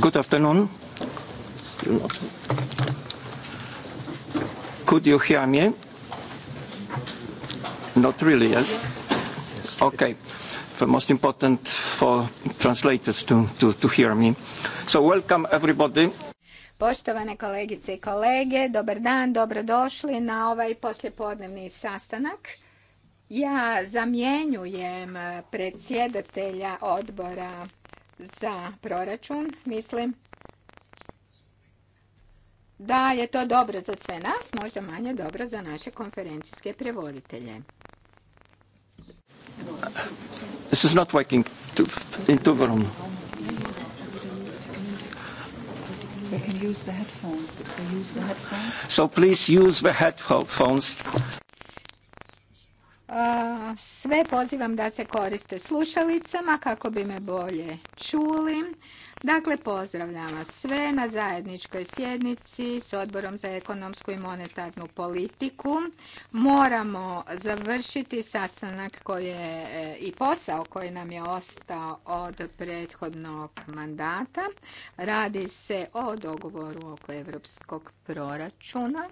Good afternoon. Could you hear me? Not really, yes? Okay. The most important for translators to, to, to hear me. So welcome everybody. Poštovane kolegice i kolege, dobar dan, dobrodošli na ovaj poslijepodnevni sastanak. Ja zamjenjujem predsjedatelja odbora za proračun, mislim da je to dobro za sve nas, možda manje dobro za naše konferencijske prevoditelje. This is not working to, in Tuvalu. We can use the headphones. If they use the headphones. So please use the headphones sve pozivam da se koriste slušalicama kako bi me bolje čuli. Dakle, pozdravljam vas sve na zajedničkoj sjednici s odborom za ekonomsku i monetarnu politiku. Moramo završiti sastanak koji je e, i posao koji nam je ostao od prethodnog mandata. Radi se o dogovoru oko evropskog proračuna.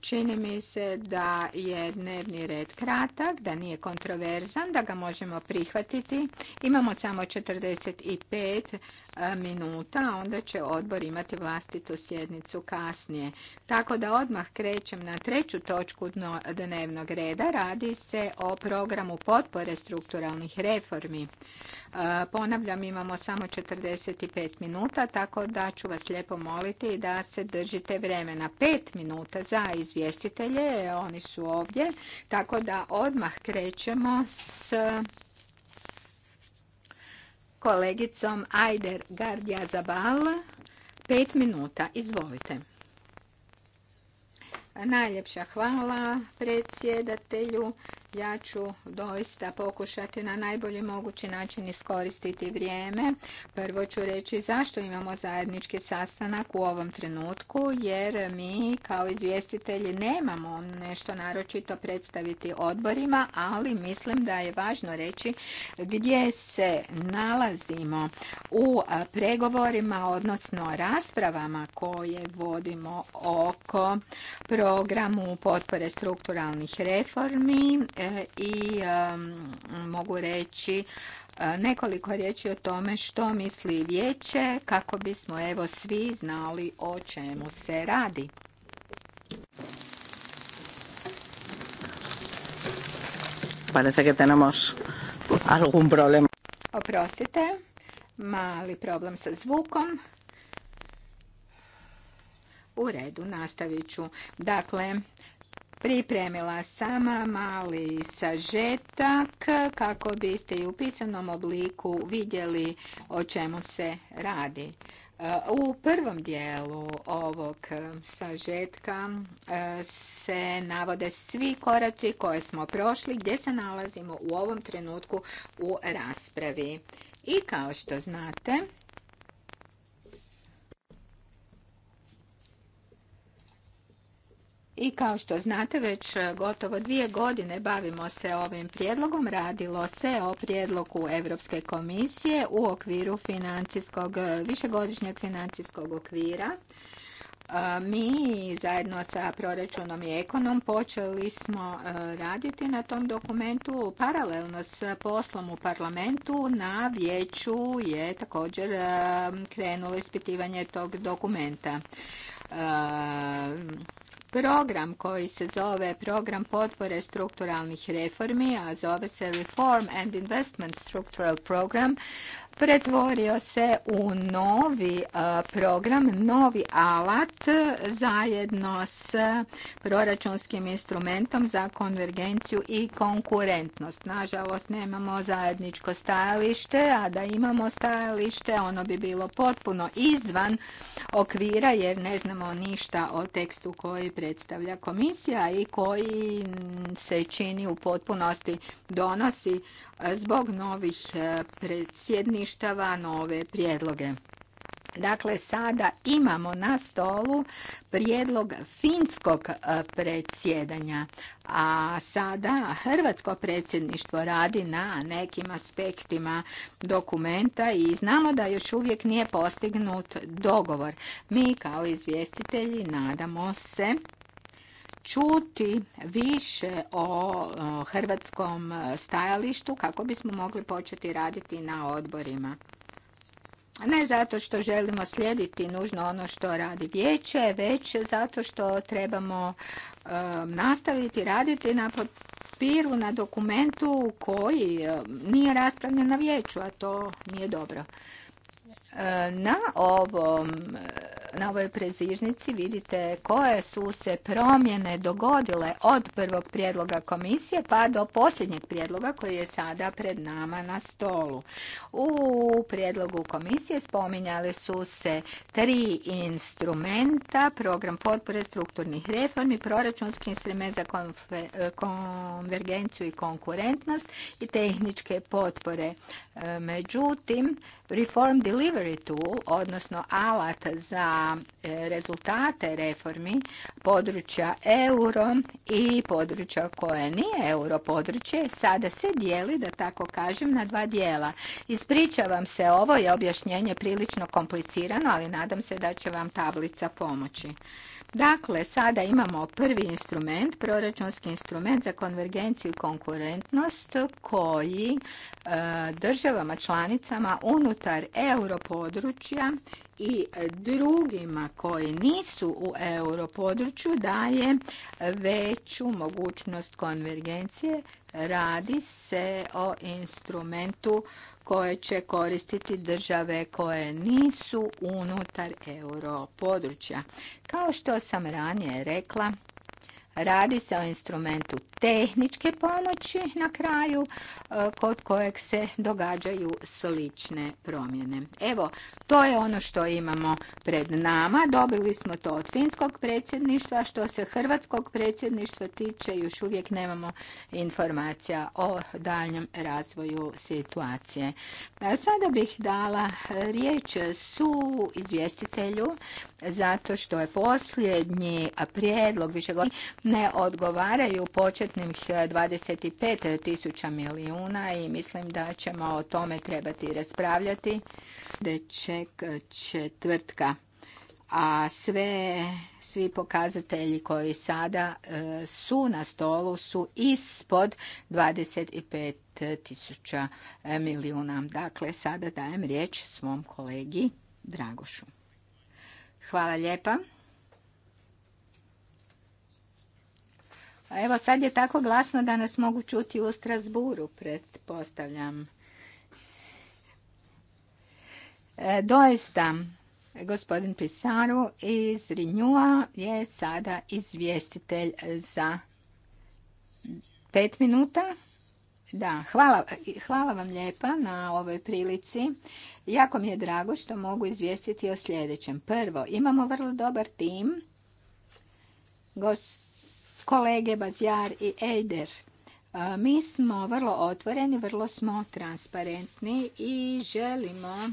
Čini mi se da je dnevni red kratak, da nije kontroverzan, da ga možemo prihvatiti. Imamo samo 45 e, minuta, a onda će odbor imati vlastitu sjednicu kasnije. Tako da odmah krećem na treću točku dnevnog reda. Radi se o programu potpore strukturalnih reformi. E, ponavljam, imamo samo 45 minuta, tako da ću vas lijepo moliti da se držite vremena. 5 minuta zaista izvjestitelje, oni su ovdje, tako da odmah krećemo s kolegicom Ajder Gardija Zabal. Pet minuta, izvolite. Najljepša hvala predsjedatelju ja ću doista pokušati na najbolji mogući način iskoristiti vrijeme. Prvo ću reći zašto imamo zajednički sastanak u ovom trenutku, jer mi kao izvjestitelji nemamo nešto naročito predstaviti odborima, ali mislim da je važno reći gdje se nalazimo u pregovorima, odnosno raspravama koje vodimo oko programu potpore strukturalnih reformi i um, mogu reći uh, nekoliko riječi o tome što misli vijeće kako bismo evo svi znali o čemu se radi. Parece que tenemos algún problema. Oprostite, mali problem sa zvukom. U redu, nastavit ću. Dakle, pripremila sama mali sažetak kako biste i u pisanom obliku vidjeli o čemu se radi. E, u prvom dijelu ovog sažetka e, se navode svi koraci koje smo prošli gdje se nalazimo u ovom trenutku u raspravi. I kao što znate, I kao što znate, već e, gotovo dvije godine bavimo se ovim prijedlogom. Radilo se o prijedlogu Europske komisije u okviru financijskog, e, višegodišnjeg financijskog okvira. E, mi zajedno sa proračunom i ekonom počeli smo raditi na tom dokumentu paralelno s poslom u parlamentu. Na vijeću je također krenulo ispitivanje tog dokumenta program koji se zove Program potpore strukturalnih reformi, a zove se Reform and Investment Structural Program, pretvorio se u novi e, program, novi alat zajedno s proračunskim instrumentom za konvergenciju i konkurentnost. Nažalost, nemamo zajedničko stajalište, a da imamo stajalište, ono bi bilo potpuno izvan okvira jer ne znamo ništa o tekstu koji predstavlja komisija i koji se čini u potpunosti donosi zbog novih e, predsjedništava nove prijedloge. Dakle, sada imamo na stolu prijedlog finskog e, predsjedanja, a sada hrvatsko predsjedništvo radi na nekim aspektima dokumenta i znamo da još uvijek nije postignut dogovor. Mi kao izvjestitelji nadamo se čuti više o e, hrvatskom stajalištu kako bismo mogli početi raditi na odborima. Ne zato što želimo slijediti nužno ono što radi vijeće, već zato što trebamo e, nastaviti raditi na papiru, na dokumentu koji e, nije raspravljen na vijeću, a to nije dobro. Na ovom na ovoj prezirnici vidite koje su se promjene dogodile od prvog prijedloga komisije pa do posljednjeg prijedloga koji je sada pred nama na stolu. U prijedlogu komisije spominjali su se tri instrumenta, program potpore strukturnih reformi, proračunski instrument za konvergenciju i konkurentnost i tehničke potpore. Međutim, Reform Delivery Tool, odnosno alat za e, rezultate reformi područja euro i područja koje nije euro područje, sada se dijeli, da tako kažem, na dva dijela. Ispričavam se, ovo je objašnjenje prilično komplicirano, ali nadam se da će vam tablica pomoći. Dakle, sada imamo prvi instrument, proračunski instrument za konvergenciju i konkurentnost koji e, državama članicama unutar europodručja i drugima koji nisu u europodručju daje veću mogućnost konvergencije Radi se o instrumentu koje će koristiti države koje nisu unutar euro područja. Kao što sam ranije rekla, Radi se o instrumentu tehničke pomoći na kraju e, kod kojeg se događaju slične promjene. Evo, to je ono što imamo pred nama. Dobili smo to od finskog predsjedništva. Što se hrvatskog predsjedništva tiče, još uvijek nemamo informacija o daljem razvoju situacije. E, sada bih dala riječ su izvjestitelju zato što je posljednji prijedlog višegodišnjeg ne odgovaraju početnih eh, 25 tisuća milijuna i mislim da ćemo o tome trebati raspravljati. Deček eh, četvrtka a sve, svi pokazatelji koji sada eh, su na stolu su ispod 25 tisuća milijuna. Dakle, sada dajem riječ svom kolegi Dragošu. Hvala lijepa. Evo sad je tako glasno da nas mogu čuti u Strasburu, pretpostavljam. E, doista, gospodin Pisaru iz Rinjua je sada izvjestitelj za pet minuta. Da, hvala, hvala vam lijepa na ovoj prilici. Jako mi je drago što mogu izvijestiti o sljedećem. Prvo, imamo vrlo dobar tim. Gos kolege Bazjar i Ejder. Mi smo vrlo otvoreni, vrlo smo transparentni i želimo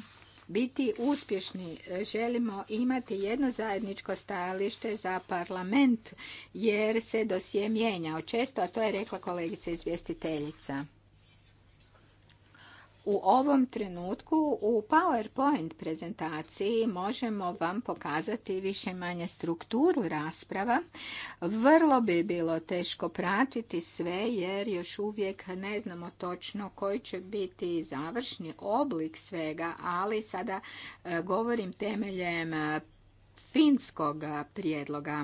biti uspješni. Želimo imati jedno zajedničko stajalište za parlament jer se dosije mijenjao često, a to je rekla kolegica izvjestiteljica u ovom trenutku u PowerPoint prezentaciji možemo vam pokazati više manje strukturu rasprava. Vrlo bi bilo teško pratiti sve jer još uvijek ne znamo točno koji će biti završni oblik svega, ali sada e, govorim temeljem e, finskog prijedloga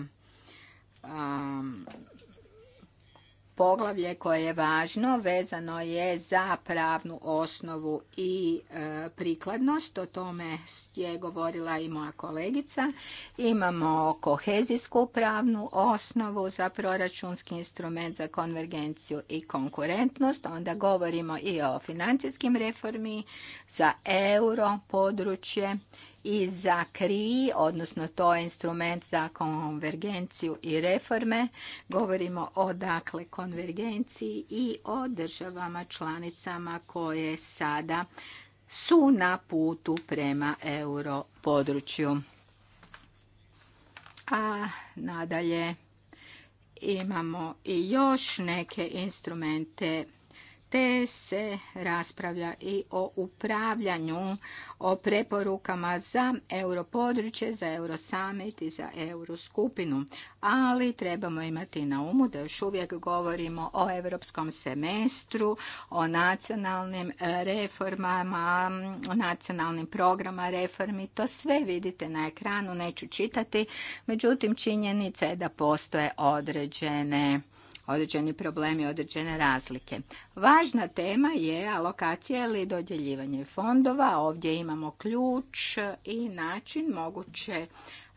poglavlje koje je važno vezano je za pravnu osnovu i e, prikladnost. O tome je govorila i moja kolegica. Imamo kohezijsku pravnu osnovu za proračunski instrument za konvergenciju i konkurentnost. Onda govorimo i o financijskim reformi za euro područje i za KRI, odnosno to je instrument za konvergenciju i reforme. Govorimo o dakle konvergenciji i o državama članicama koje sada su na putu prema euro području. A nadalje imamo i još neke instrumente te se raspravlja i o upravljanju, o preporukama za europodručje, za eurosummit i za euroskupinu. Ali trebamo imati na umu da još uvijek govorimo o europskom semestru, o nacionalnim e, reformama, o nacionalnim programa reformi. To sve vidite na ekranu, neću čitati. Međutim, činjenica je da postoje određene određeni problemi, određene razlike. Važna tema je alokacija ili dodjeljivanje fondova. Ovdje imamo ključ i način moguće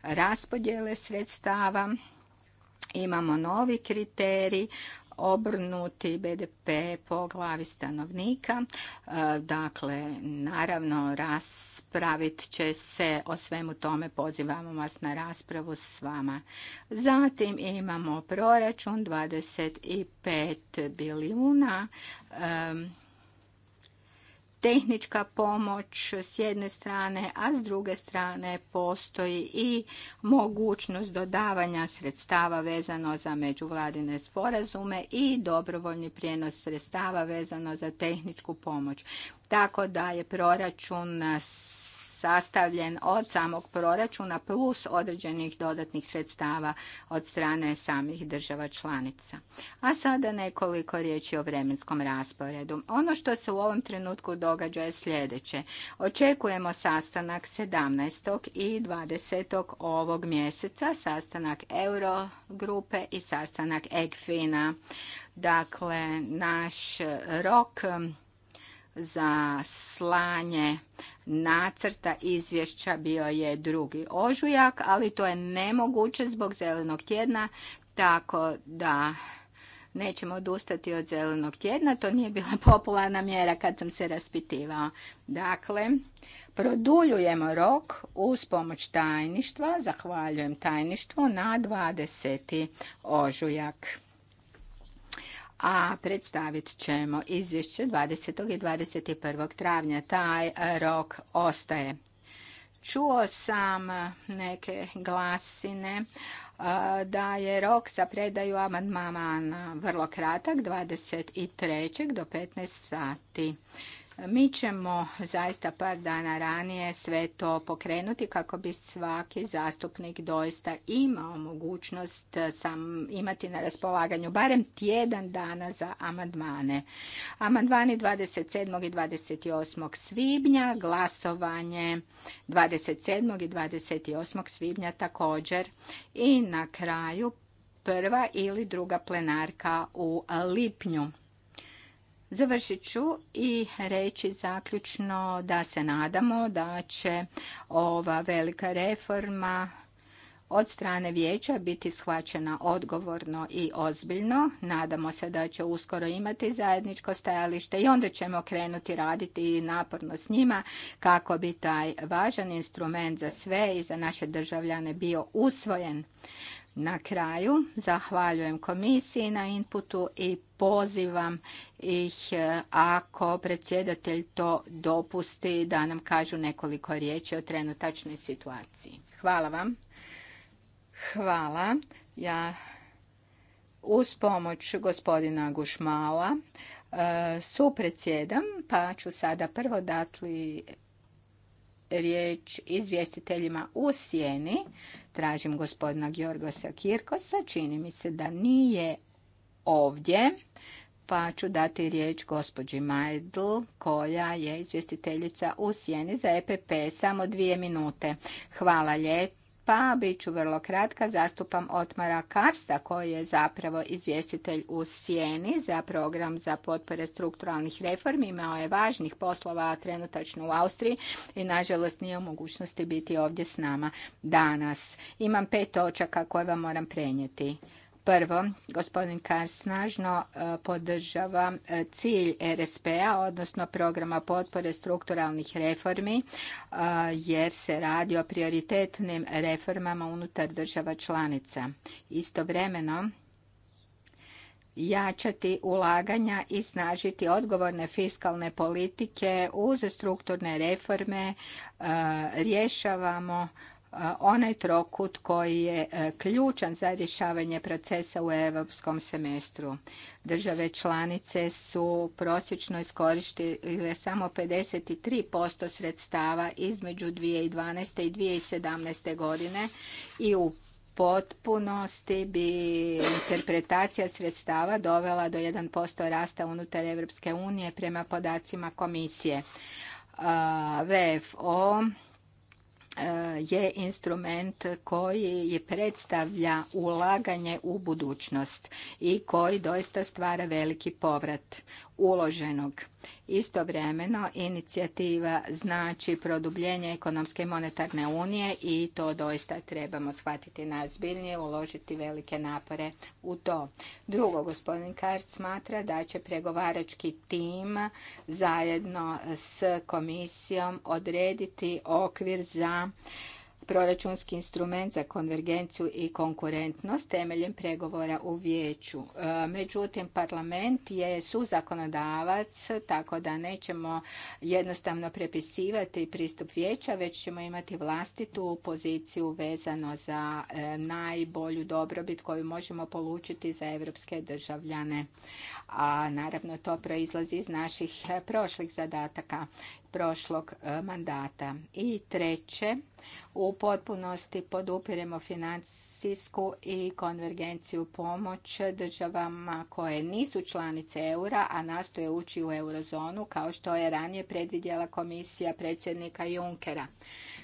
raspodjele sredstava. Imamo novi kriterij obrnuti BDP po glavi stanovnika. E, dakle, naravno, ras pravit će se o svemu tome. Pozivamo vas na raspravu s vama. Zatim imamo proračun 25 bilijuna. tehnička pomoć s jedne strane, a s druge strane postoji i mogućnost dodavanja sredstava vezano za međuvladine sporazume i dobrovoljni prijenos sredstava vezano za tehničku pomoć. Tako da je proračun sastavljen od samog proračuna plus određenih dodatnih sredstava od strane samih država članica. A sada nekoliko riječi o vremenskom rasporedu. Ono što se u ovom trenutku događa je sljedeće. Očekujemo sastanak 17. i 20. ovog mjeseca, sastanak Eurogrupe i sastanak EGFINA. Dakle, naš rok za slanje nacrta izvješća bio je drugi ožujak, ali to je nemoguće zbog zelenog tjedna, tako da nećemo odustati od zelenog tjedna. To nije bila popularna mjera kad sam se raspitivao. Dakle, produljujemo rok uz pomoć tajništva. Zahvaljujem tajništvu na 20. ožujak a predstavit ćemo izvješće 20. i 21. travnja. Taj e, rok ostaje. Čuo sam neke glasine e, da je rok za predaju amandmana vrlo kratak, 23. do 15 sati. Mi ćemo zaista par dana ranije sve to pokrenuti kako bi svaki zastupnik doista imao mogućnost sam imati na raspolaganju barem tjedan dana za amandmane. Amandmani 27. i 28. svibnja, glasovanje 27. i 28. svibnja također i na kraju prva ili druga plenarka u lipnju. Završit ću i reći zaključno da se nadamo da će ova velika reforma od strane vijeća biti shvaćena odgovorno i ozbiljno. Nadamo se da će uskoro imati zajedničko stajalište i onda ćemo krenuti raditi naporno s njima kako bi taj važan instrument za sve i za naše državljane bio usvojen na kraju. Zahvaljujem komisiji na inputu i pozivam ih e, ako predsjedatelj to dopusti da nam kažu nekoliko riječi o trenutačnoj situaciji. Hvala vam. Hvala. Ja uz pomoć gospodina Gušmala e, su predsjedam, pa ću sada prvo dati riječ izvjestiteljima u sjeni. Tražim gospodina Georgosa Kirkosa. Čini mi se da nije ovdje. Pa ću dati riječ gospođi Majdl, koja je izvjestiteljica u sjeni za EPP. Samo dvije minute. Hvala ljeto pa bit ću vrlo kratka, zastupam Otmara Karsta koji je zapravo izvjestitelj u Sjeni za program za potpore strukturalnih reformi. Imao je važnih poslova trenutačno u Austriji i nažalost nije u mogućnosti biti ovdje s nama danas. Imam pet točaka koje vam moram prenijeti. Prvo, gospodin Kar snažno e, podržava e, cilj RSP-a, odnosno programa potpore strukturalnih reformi, e, jer se radi o prioritetnim reformama unutar država članica. Istovremeno, jačati ulaganja i snažiti odgovorne fiskalne politike uz strukturne reforme rješavamo onaj trokut koji je e, ključan za rješavanje procesa u europskom semestru. Države članice su prosječno iskoristile samo 53% sredstava između 2012. i 2017. godine i u potpunosti bi interpretacija sredstava dovela do 1% rasta unutar Europske unije prema podacima komisije. VFO E, je instrument koji predstavlja ulaganje u budućnost i koji doista stvara veliki povrat uloženog. Istovremeno, inicijativa znači produbljenje ekonomske i monetarne unije i to doista trebamo shvatiti najzbiljnije, uložiti velike napore u to. Drugo, gospodin Karc smatra da će pregovarački tim zajedno s komisijom odrediti okvir za proračunski instrument za konvergenciju i konkurentnost temeljem pregovora u vijeću. E, međutim, parlament je suzakonodavac, tako da nećemo jednostavno prepisivati pristup vijeća, već ćemo imati vlastitu poziciju vezano za e, najbolju dobrobit koju možemo polučiti za evropske državljane. A naravno to proizlazi iz naših e, prošlih zadataka prošlog e, mandata. I treće, u potpunosti podupiremo financijsku i konvergenciju pomoć državama koje nisu članice eura, a nastoje ući u eurozonu, kao što je ranije predvidjela komisija predsjednika Junckera.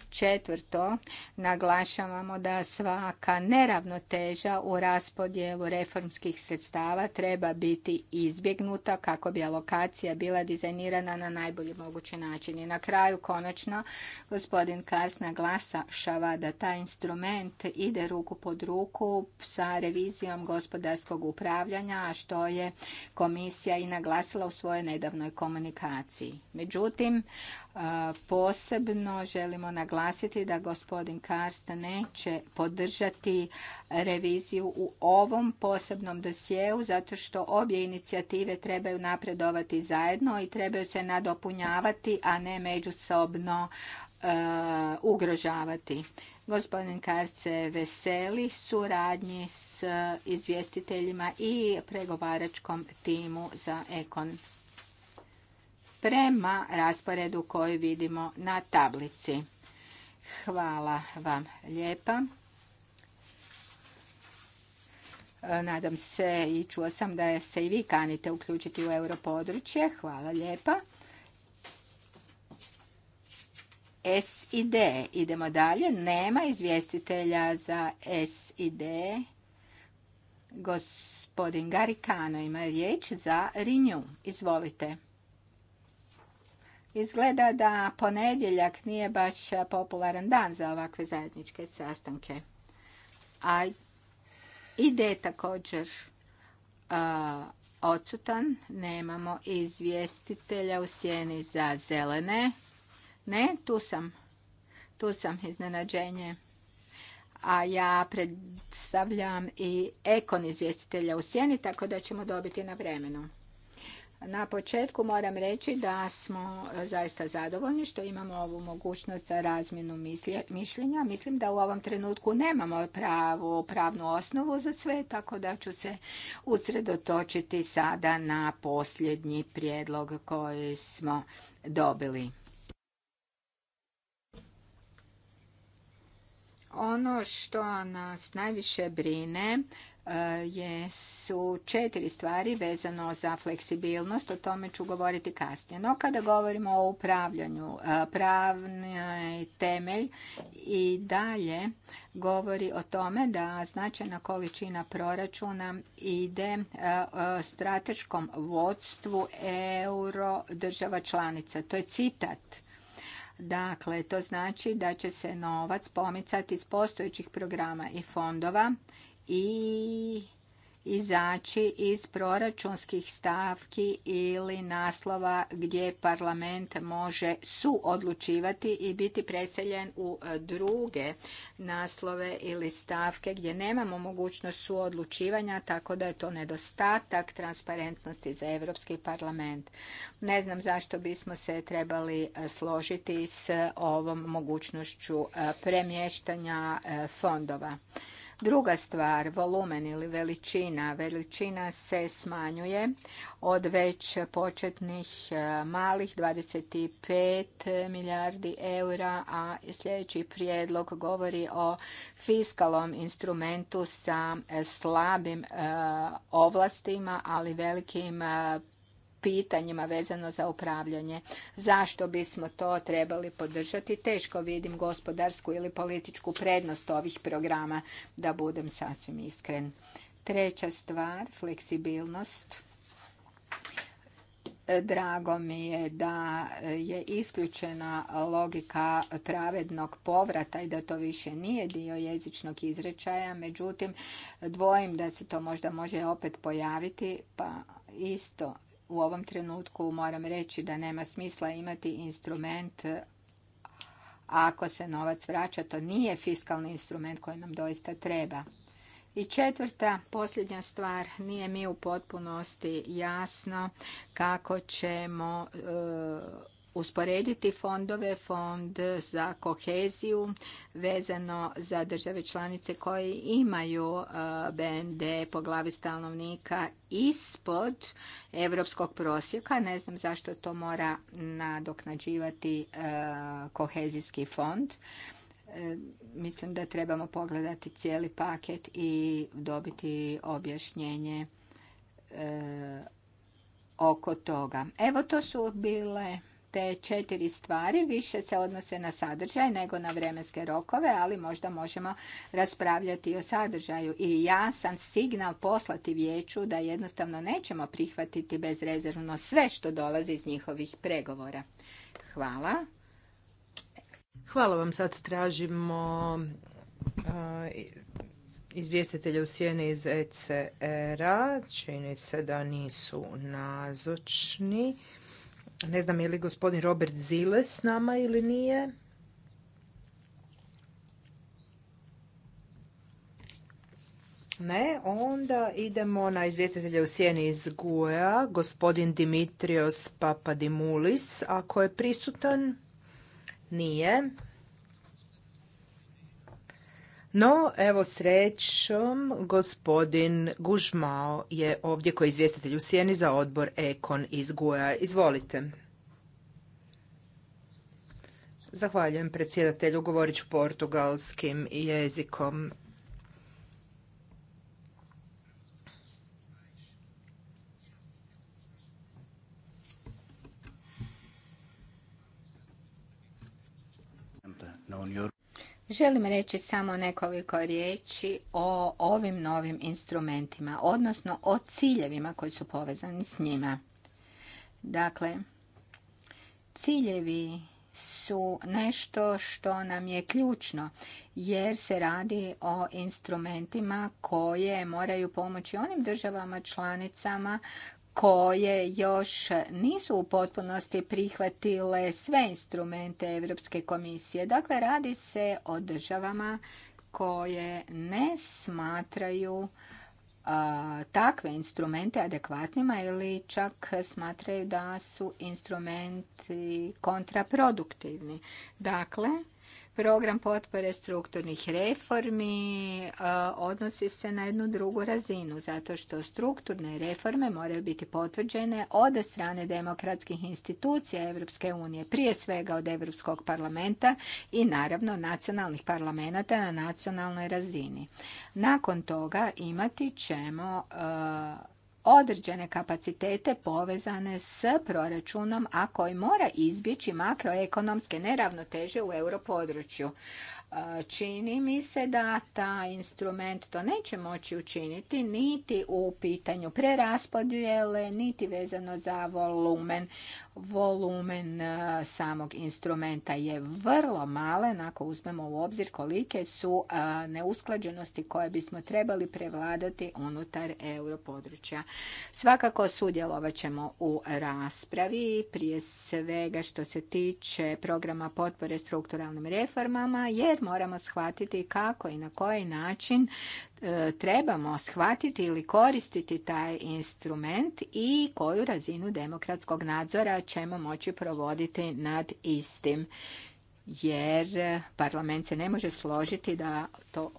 Četvrto, naglašavamo da svaka neravnoteža u raspodjelu reformskih sredstava treba biti izbjegnuta kako bi alokacija bila dizajnirana na najbolji mogući način. I na kraju, konačno, gospodin Kars naglašava da taj instrument ide ruku pod ruku sa revizijom gospodarskog upravljanja, a što je komisija i naglasila u svojoj nedavnoj komunikaciji. Međutim, Posebno želimo naglasiti da gospodin Karst neće podržati reviziju u ovom posebnom dosjeu zato što obje inicijative trebaju napredovati zajedno i trebaju se nadopunjavati, a ne međusobno e, ugrožavati. Gospodin Karst se veseli suradnji s izvjestiteljima i pregovaračkom timu za Ekon prema rasporedu koji vidimo na tablici. Hvala vam lijepa. E, nadam se i čuo sam da se i vi kanite uključiti u europodručje. Hvala lijepa. S i D. Idemo dalje. Nema izvjestitelja za S i D. Gospodin Garikano ima riječ za Renew. Izvolite. Izgleda da ponedjeljak nije baš popularan dan za ovakve zajedničke sastanke. A ide također odsutan. Nemamo izvjestitelja u sjeni za zelene. Ne, tu sam. Tu sam iznenađenje. A ja predstavljam i ekon izvjestitelja u sjeni, tako da ćemo dobiti na vremenu. Na početku moram reći da smo e, zaista zadovoljni što imamo ovu mogućnost za razmjenu mišljenja. Mislim da u ovom trenutku nemamo pravu pravnu osnovu za sve, tako da ću se usredotočiti sada na posljednji prijedlog koji smo dobili. Ono što nas najviše brine je, su četiri stvari vezano za fleksibilnost, o tome ću govoriti kasnije. No kada govorimo o upravljanju, e, pravni temelj i dalje govori o tome da značajna količina proračuna ide e, strateškom vodstvu euro država članica. To je citat. Dakle, to znači da će se novac pomicati iz postojećih programa i fondova i izaći iz proračunskih stavki ili naslova gdje parlament može suodlučivati i biti preseljen u e, druge naslove ili stavke gdje nemamo mogućnost suodlučivanja, tako da je to nedostatak transparentnosti za Europski parlament. Ne znam zašto bismo se trebali e, složiti s ovom mogućnošću e, premještanja fondova. Druga stvar, volumen ili veličina. Veličina se smanjuje od već početnih e, malih 25 milijardi eura, a sljedeći prijedlog govori o fiskalnom instrumentu sa e, slabim e, ovlastima, ali velikim pitanjima vezano za upravljanje. Zašto bismo to trebali podržati? Teško vidim gospodarsku ili političku prednost ovih programa, da budem sasvim iskren. Treća stvar, fleksibilnost. Drago mi je da je isključena logika pravednog povrata i da to više nije dio jezičnog izrečaja, međutim dvojim da se to možda može opet pojaviti, pa isto u ovom trenutku moram reći da nema smisla imati instrument ako se novac vraća. To nije fiskalni instrument koji nam doista treba. I četvrta, posljednja stvar, nije mi u potpunosti jasno kako ćemo e, usporediti fondove, fond za koheziju vezano za države članice koje imaju e, BND po glavi stanovnika ispod evropskog prosjeka. Ne znam zašto to mora nadoknađivati e, kohezijski fond. E, mislim da trebamo pogledati cijeli paket i dobiti objašnjenje oko toga. Evo to su bile te četiri stvari više se odnose na sadržaj nego na vremenske rokove, ali možda možemo raspravljati o sadržaju. I ja sam signal poslati vijeću da jednostavno nećemo prihvatiti bezrezervno sve što dolazi iz njihovih pregovora. Hvala. Hvala vam. Sad tražimo izvjestitelja u sjeni iz ECR-a. Čini se da nisu nazočni. Ne znam je li gospodin Robert Ziles s nama ili nije. Ne, onda idemo na izvjestitelja u sjeni iz Guja, gospodin Dimitrios Papadimulis. Ako je prisutan, nije. No, evo srećom, gospodin Gužmao je ovdje koji je izvjestitelj u Sjeni za odbor Ekon iz Guja. Izvolite. Zahvaljujem predsjedatelju, govorit ću portugalskim jezikom. Želim reći samo nekoliko riječi o ovim novim instrumentima, odnosno o ciljevima koji su povezani s njima. Dakle, ciljevi su nešto što nam je ključno jer se radi o instrumentima koje moraju pomoći onim državama članicama koje još nisu u potpunosti prihvatile sve instrumente Europske komisije. Dakle, radi se o državama koje ne smatraju takve instrumente adekvatnima ili čak smatraju da su instrumenti kontraproduktivni. Dakle, Program potpore strukturnih reformi e, odnosi se na jednu drugu razinu, zato što strukturne reforme moraju biti potvrđene od strane demokratskih institucija Europske unije, prije svega od Europskog parlamenta i naravno nacionalnih parlamenta na nacionalnoj razini. Nakon toga imati ćemo e, određene kapacitete povezane s proračunom, a koji mora izbjeći makroekonomske neravnoteže u europodručju. E, čini mi se da ta instrument to neće moći učiniti niti u pitanju preraspodjele, niti vezano za volumen volumen eh, samog instrumenta je vrlo malen ako uzmemo u obzir kolike su eh, neusklađenosti koje bismo trebali prevladati unutar europodručja. Svakako sudjelovat ćemo u raspravi, prije svega što se tiče programa potpore strukturalnim reformama, jer moramo shvatiti kako i na koji način trebamo shvatiti ili koristiti taj instrument i koju razinu demokratskog nadzora ćemo moći provoditi nad istim. Jer parlament se ne može složiti da to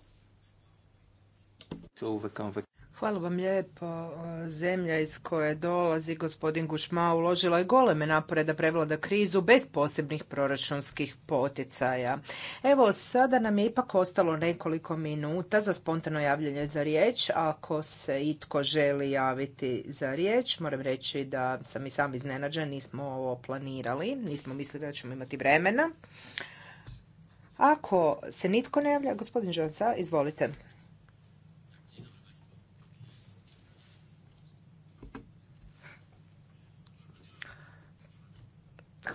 Hvala vam lijepo. Zemlja iz koje dolazi gospodin Gušma uložila je goleme napore da prevlada krizu bez posebnih proračunskih poticaja. Evo, sada nam je ipak ostalo nekoliko minuta za spontano javljanje za riječ. Ako se itko želi javiti za riječ, moram reći da sam i sam iznenađen, nismo ovo planirali, nismo mislili da ćemo imati vremena. Ako se nitko ne javlja, gospodin Žonsa, izvolite.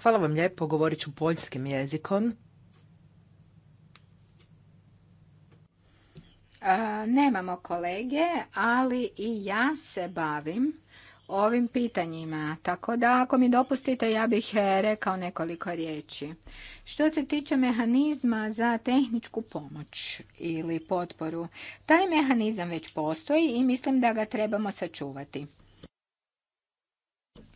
Hvala vam lijepo, govorit ću poljskim jezikom. Nemamo kolege, ali i ja se bavim ovim pitanjima. Tako da ako mi dopustite ja bih e, rekao nekoliko riječi. Što se tiče mehanizma za tehničku pomoć ili potporu, taj mehanizam već postoji i mislim da ga trebamo sačuvati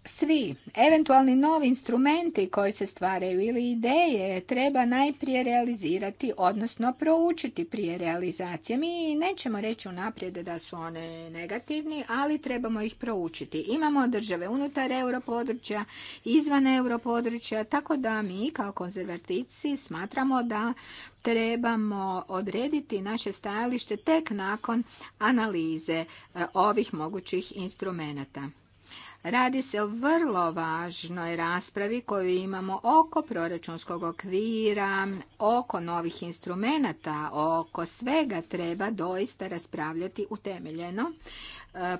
svi eventualni novi instrumenti koji se stvaraju ili ideje treba najprije realizirati, odnosno proučiti prije realizacije. Mi nećemo reći unaprijed da su one negativni, ali trebamo ih proučiti. Imamo države unutar europodručja, izvan europodručja, tako da mi kao konzervatici smatramo da trebamo odrediti naše stajalište tek nakon analize eh, ovih mogućih instrumenata. Radi se o vrlo važnoj raspravi koju imamo oko proračunskog okvira, oko novih instrumenata, oko svega treba doista raspravljati utemeljeno.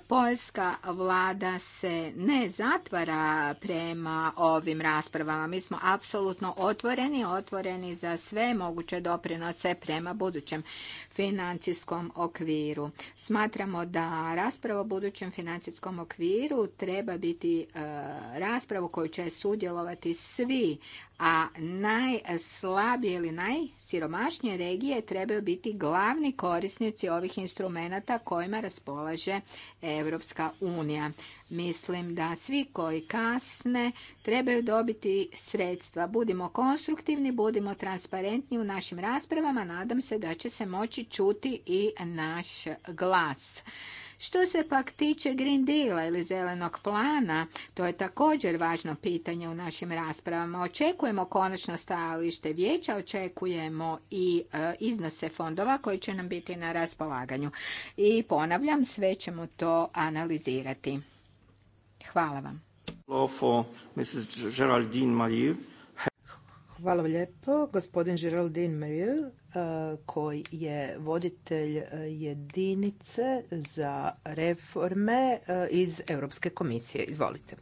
Poljska vlada se ne zatvara prema ovim raspravama. Mi smo apsolutno otvoreni, otvoreni za sve moguće doprinose prema budućem financijskom okviru. Smatramo da rasprava o budućem financijskom okviru treba biti e, raspravu koju će sudjelovati svi, a najslabije ili najsiromašnije regije trebaju biti glavni korisnici ovih instrumenata kojima raspolaže Europska unija. Mislim da svi koji kasne trebaju dobiti sredstva. Budimo konstruktivni, budimo transparentni u našim raspravama. Nadam se da će se moći čuti i naš glas. Što se pak tiče Green Deala ili zelenog plana, to je također važno pitanje u našim raspravama. Očekujemo konačno stajalište vijeća, očekujemo i e, iznose fondova koji će nam biti na raspolaganju. I ponavljam, sve ćemo to analizirati. Hvala vam. Hvala lijepo. Gospodin Geraldine Meyer, e, koji je voditelj e, jedinice za reforme e, iz Europske komisije. Izvolite.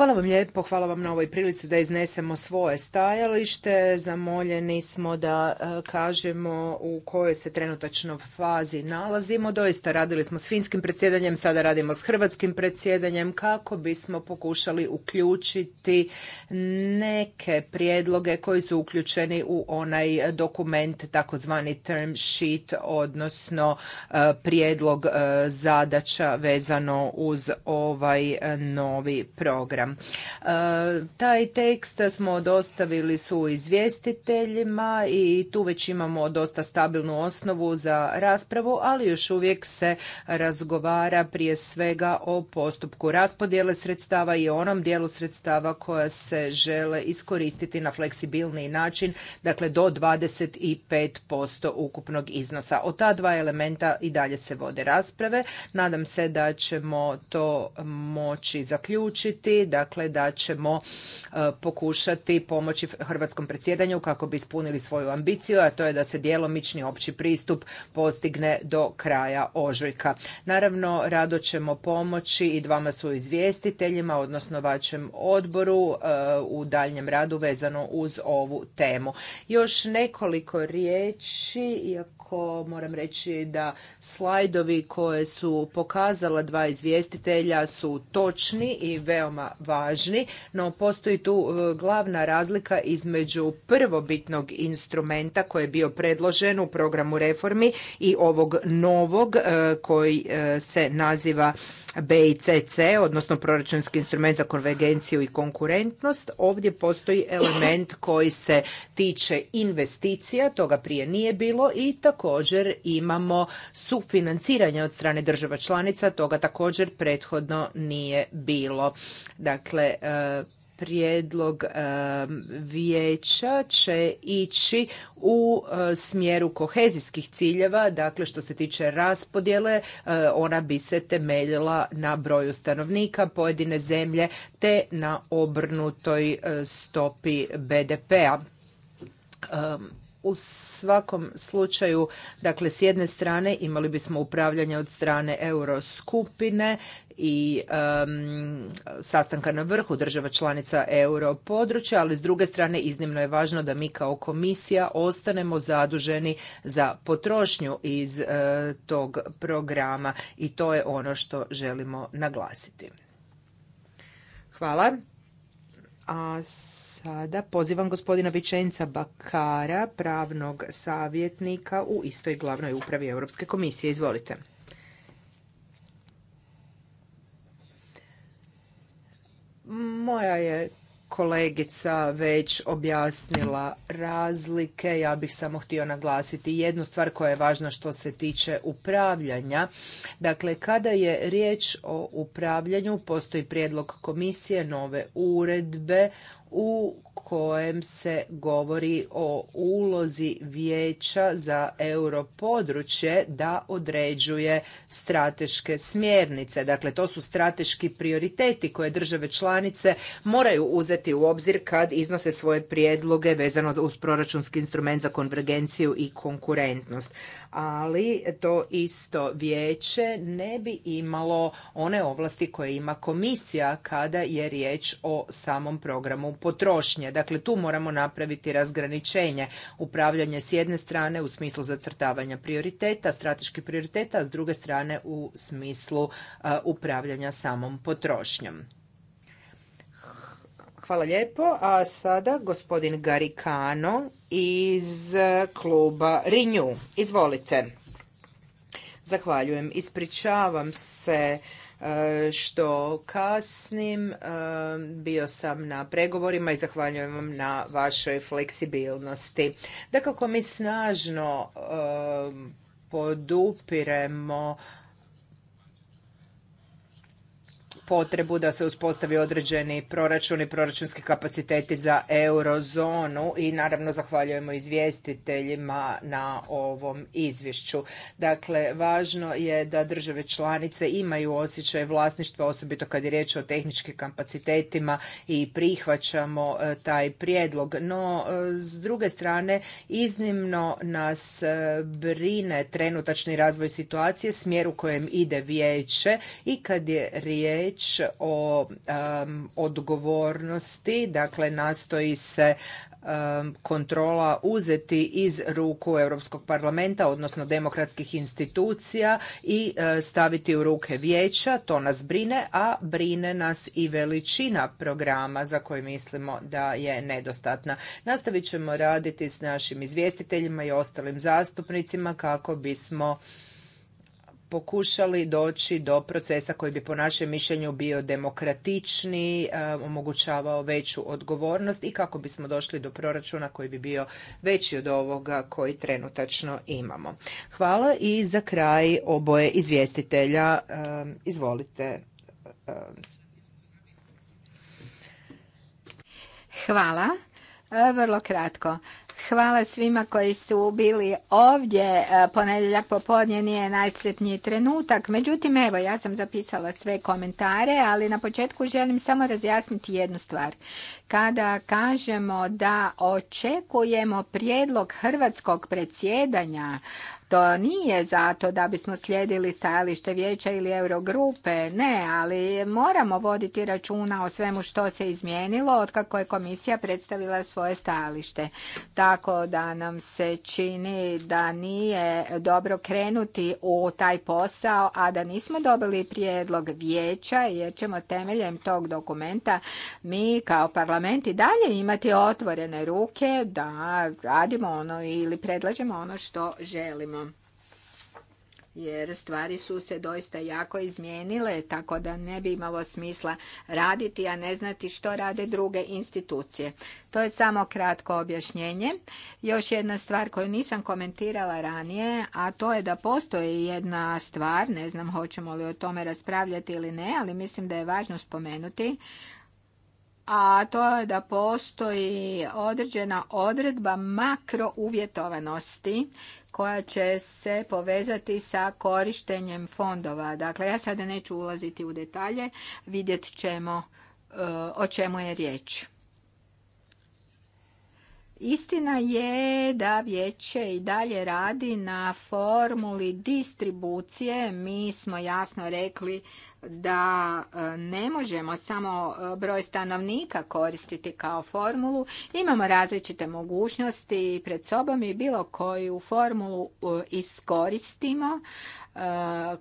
Hvala vam lijepo, hvala vam na ovoj prilici da iznesemo svoje stajalište. Zamoljeni smo da e, kažemo u kojoj se trenutačno fazi nalazimo. Doista radili smo s finskim predsjedanjem, sada radimo s hrvatskim predsjedanjem kako bismo pokušali uključiti neke prijedloge koji su uključeni u onaj dokument takozvani term sheet, odnosno e, prijedlog e, zadaća vezano uz ovaj novi program. E, taj tekst smo dostavili su izvjestiteljima i tu već imamo dosta stabilnu osnovu za raspravu, ali još uvijek se razgovara prije svega o postupku raspodjele sredstava i onom dijelu sredstava koja se žele iskoristiti na fleksibilni način, dakle do 25% ukupnog iznosa. O ta dva elementa i dalje se vode rasprave. Nadam se da ćemo to moći zaključiti dakle da ćemo e, pokušati pomoći hrvatskom predsjedanju kako bi ispunili svoju ambiciju, a to je da se djelomični opći pristup postigne do kraja ožujka. Naravno, rado ćemo pomoći i dvama su izvjestiteljima, odnosno vašem odboru e, u daljem radu vezano uz ovu temu. Još nekoliko riječi, iako moram reći da slajdovi koje su pokazala dva izvjestitelja su točni i veoma važni, no postoji tu e, glavna razlika između prvobitnog instrumenta koji je bio predložen u programu reformi i ovog novog e, koji e, se naziva BICC, odnosno proračunski instrument za konvergenciju i konkurentnost, ovdje postoji element koji se tiče investicija, toga prije nije bilo i također imamo sufinanciranje od strane država članica, toga također prethodno nije bilo. Dakle, e, prijedlog vijeća će ići u eh, smjeru kohezijskih ciljeva, dakle što se tiče raspodjele, eh, ona bi se temeljila na broju stanovnika pojedine zemlje te na obrnutoj eh, stopi BDP-a u svakom slučaju, dakle s jedne strane imali bismo upravljanje od strane Euroskupine i sastanka na vrhu država članica područja, ali s druge strane iznimno je važno da mi kao komisija ostanemo zaduženi za potrošnju iz e, tog programa i to je ono što želimo naglasiti. Hvala. A sada pozivam gospodina Vičenca Bakara, pravnog savjetnika u istoj glavnoj upravi Europske komisije. Izvolite. Moja je kolegica već objasnila razlike. Ja bih samo htio naglasiti jednu stvar koja je važna što se tiče upravljanja. Dakle, kada je riječ o upravljanju, postoji prijedlog komisije nove uredbe u kojem se govori o ulozi vijeća za europodručje da određuje strateške smjernice. Dakle, to su strateški prioriteti koje države članice moraju uzeti u obzir kad iznose svoje prijedloge vezano uz proračunski instrument za konvergenciju i konkurentnost ali to isto vijeće ne bi imalo one ovlasti koje ima komisija kada je riječ o samom programu potrošnje. Dakle, tu moramo napraviti razgraničenje. Upravljanje s jedne strane u smislu zacrtavanja prioriteta, strateških prioriteta, a s druge strane u smislu upravljanja samom potrošnjom. Hvala lijepo. A sada gospodin Garikano iz kluba Renew. Izvolite. Zahvaljujem. Ispričavam se e, što kasnim. E, bio sam na pregovorima i zahvaljujem vam na vašoj fleksibilnosti. Dakako mi snažno e, podupiremo potrebu da se uspostavi određeni proračun i proračunski kapaciteti za eurozonu i naravno zahvaljujemo izvjestiteljima na ovom izvješću. Dakle, važno je da države članice imaju osjećaj vlasništva, osobito kad je riječ o tehničkim kapacitetima i prihvaćamo e, taj prijedlog. No, e, s druge strane, iznimno nas e, brine trenutačni razvoj situacije, smjer u kojem ide vijeće i kad je riječ o odgovornosti, dakle nastoji se kontrola uzeti iz ruku Europskog parlamenta, odnosno demokratskih institucija i e, staviti u ruke vijeća. To nas brine, a brine nas i veličina programa za koje mislimo da je nedostatna. Nastavit ćemo raditi s našim izvjestiteljima i ostalim zastupnicima kako bismo pokušali doći do procesa koji bi po našem mišljenju bio demokratični, eh, omogućavao veću odgovornost i kako bismo došli do proračuna koji bi bio veći od ovoga koji trenutačno imamo. Hvala i za kraj oboje izvjestitelja. Eh, izvolite. Eh. Hvala. Vrlo kratko. Hvala svima koji su bili ovdje. E, ponedjeljak popodnje nije najsretniji trenutak. Međutim, evo, ja sam zapisala sve komentare, ali na početku želim samo razjasniti jednu stvar. Kada kažemo da očekujemo prijedlog hrvatskog predsjedanja to nije zato da bismo slijedili stajalište vijeća ili Eurogrupe, ne, ali moramo voditi računa o svemu što se izmijenilo od kako je komisija predstavila svoje stajalište. Tako da nam se čini da nije dobro krenuti u taj posao, a da nismo dobili prijedlog vijeća jer ćemo temeljem tog dokumenta mi kao parlament i dalje imati otvorene ruke da radimo ono ili predlažemo ono što želimo jer stvari su se doista jako izmijenile, tako da ne bi imalo smisla raditi, a ne znati što rade druge institucije. To je samo kratko objašnjenje. Još jedna stvar koju nisam komentirala ranije, a to je da postoji jedna stvar, ne znam hoćemo li o tome raspravljati ili ne, ali mislim da je važno spomenuti a to je da postoji određena odredba makrouvjetovanosti koja će se povezati sa korištenjem fondova. Dakle, ja sada neću ulaziti u detalje, vidjet ćemo eh, o čemu je riječ. Istina je da vijeće i dalje radi na formuli distribucije. Mi smo jasno rekli da e, ne možemo samo e, broj stanovnika koristiti kao formulu. Imamo različite mogućnosti pred sobom i bilo koju formulu e, iskoristimo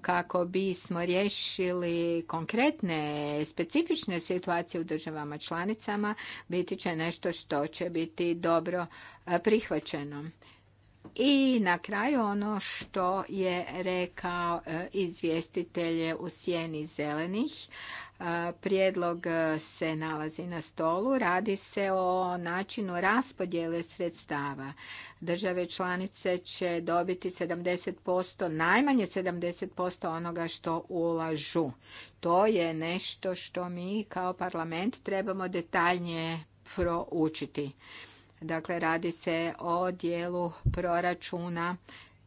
kako bismo riješili konkretne specifične situacije u državama članicama biti će nešto što će biti dobro prihvaćeno. I na kraju ono što je rekao e, izvjestitelje u sjeni zelenih. E, prijedlog e, se nalazi na stolu. Radi se o načinu raspodjele sredstava. Države članice će dobiti 70%, najmanje 70% onoga što ulažu. To je nešto što mi kao parlament trebamo detaljnije proučiti. Dakle, radi se o dijelu proračuna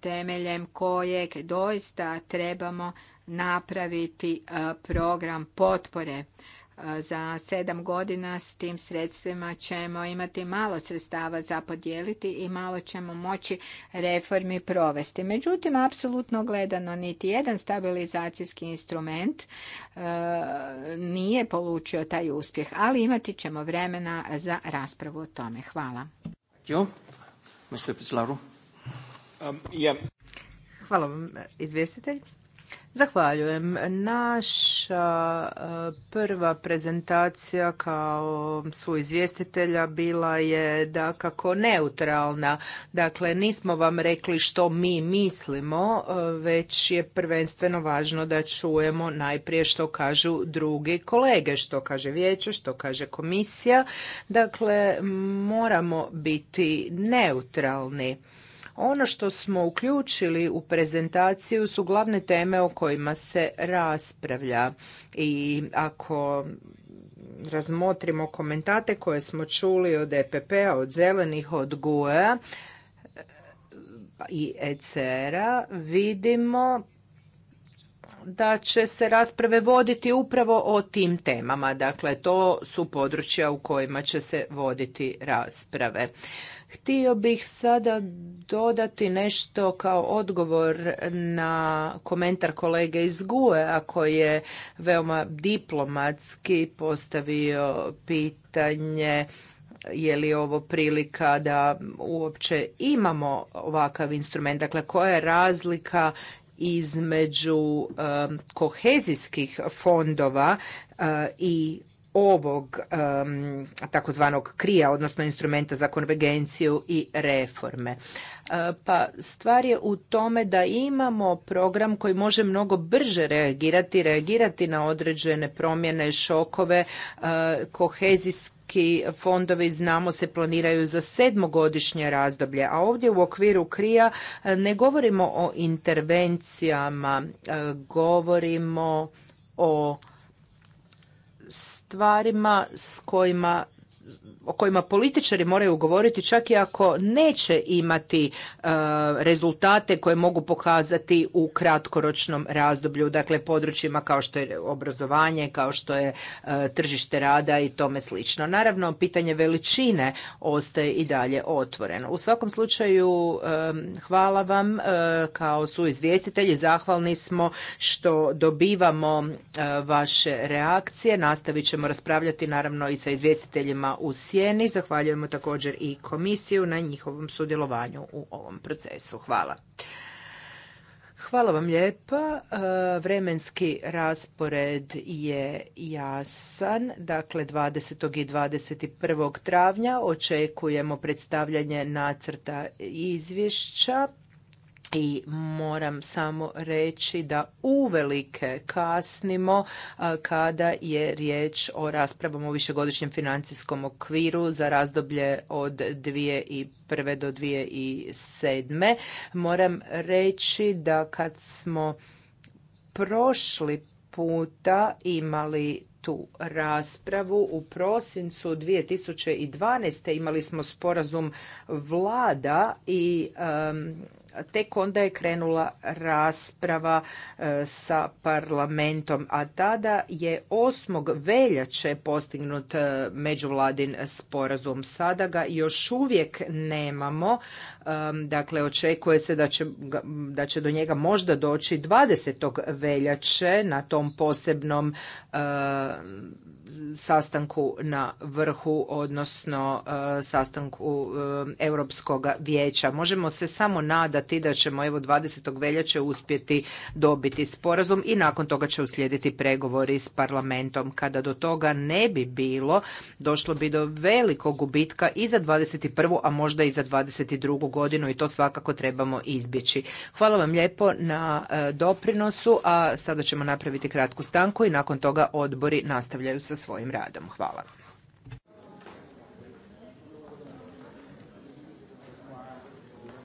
temeljem kojeg doista trebamo napraviti e, program potpore za sedam godina s tim sredstvima ćemo imati malo sredstava za podijeliti i malo ćemo moći reformi provesti. Međutim, apsolutno gledano, niti jedan stabilizacijski instrument e, nije polučio taj uspjeh, ali imati ćemo vremena za raspravu o tome. Hvala. Um, Hvala vam, izvjestitelj. Zahvaljujem. Naša eh, prva prezentacija kao svoj izvjestitelja bila je da kako neutralna. Dakle, nismo vam rekli što mi mislimo, eh, već je prvenstveno važno da čujemo najprije što kažu drugi kolege, što kaže vijeće, što kaže komisija. Dakle, moramo biti neutralni ono što smo uključili u prezentaciju su glavne teme o kojima se raspravlja i ako razmotrimo komentate koje smo čuli od EPP-a, od zelenih, od GUE-a i ECR-a, vidimo da će se rasprave voditi upravo o tim temama. Dakle, to su područja u kojima će se voditi rasprave. Htio bih sada dodati nešto kao odgovor na komentar kolege iz GUE, koji je veoma diplomatski postavio pitanje je li ovo prilika da uopće imamo ovakav instrument, dakle koja je razlika između eh, kohezijskih fondova eh, i ovog um, takozvanog krija, odnosno instrumenta za konvergenciju i reforme. E, pa stvar je u tome da imamo program koji može mnogo brže reagirati, reagirati na određene promjene, šokove, e, Kohezijski fondovi znamo se planiraju za sedmogodišnje razdoblje, a ovdje u okviru krija e, ne govorimo o intervencijama, govorimo o stvarima s kojima o kojima političari moraju govoriti čak i ako neće imati e, rezultate koje mogu pokazati u kratkoročnom razdoblju, dakle područjima kao što je obrazovanje, kao što je e, tržište rada i tome slično. Naravno, pitanje veličine ostaje i dalje otvoreno. U svakom slučaju, e, hvala vam kao su izvjestitelji, zahvalni smo što dobivamo vaše reakcije, nastavit ćemo raspravljati naravno i sa izvjestiteljima u sjeni. Zahvaljujemo također i komisiju na njihovom sudjelovanju u ovom procesu. Hvala. Hvala vam lijepa. E, vremenski raspored je jasan. Dakle, 20. i 21. travnja očekujemo predstavljanje nacrta izvješća i moram samo reći da uvelike kasnimo kada je riječ o raspravom o višegodišnjem financijskom okviru za razdoblje od 2001. do 2007. Moram reći da kad smo prošli puta imali tu raspravu. U prosincu 2012. imali smo sporazum vlada i tek onda je krenula rasprava e, sa parlamentom, a tada je 8. veljače postignut e, međuvladin sporazum. Sada ga još uvijek nemamo, e, dakle očekuje se da će, da će do njega možda doći 20. veljače na tom posebnom sastanku na vrhu, odnosno e, sastanku e, Europskog vijeća. Možemo se samo nadati da ćemo evo 20. veljače uspjeti dobiti sporazum i nakon toga će uslijediti pregovori s parlamentom. Kada do toga ne bi bilo, došlo bi do velikog gubitka i za 21. a možda i za 22. godinu i to svakako trebamo izbjeći. Hvala vam lijepo na e, doprinosu, a sada ćemo napraviti kratku stanku i nakon toga odbori nastavljaju sa svojim radom. Hvala.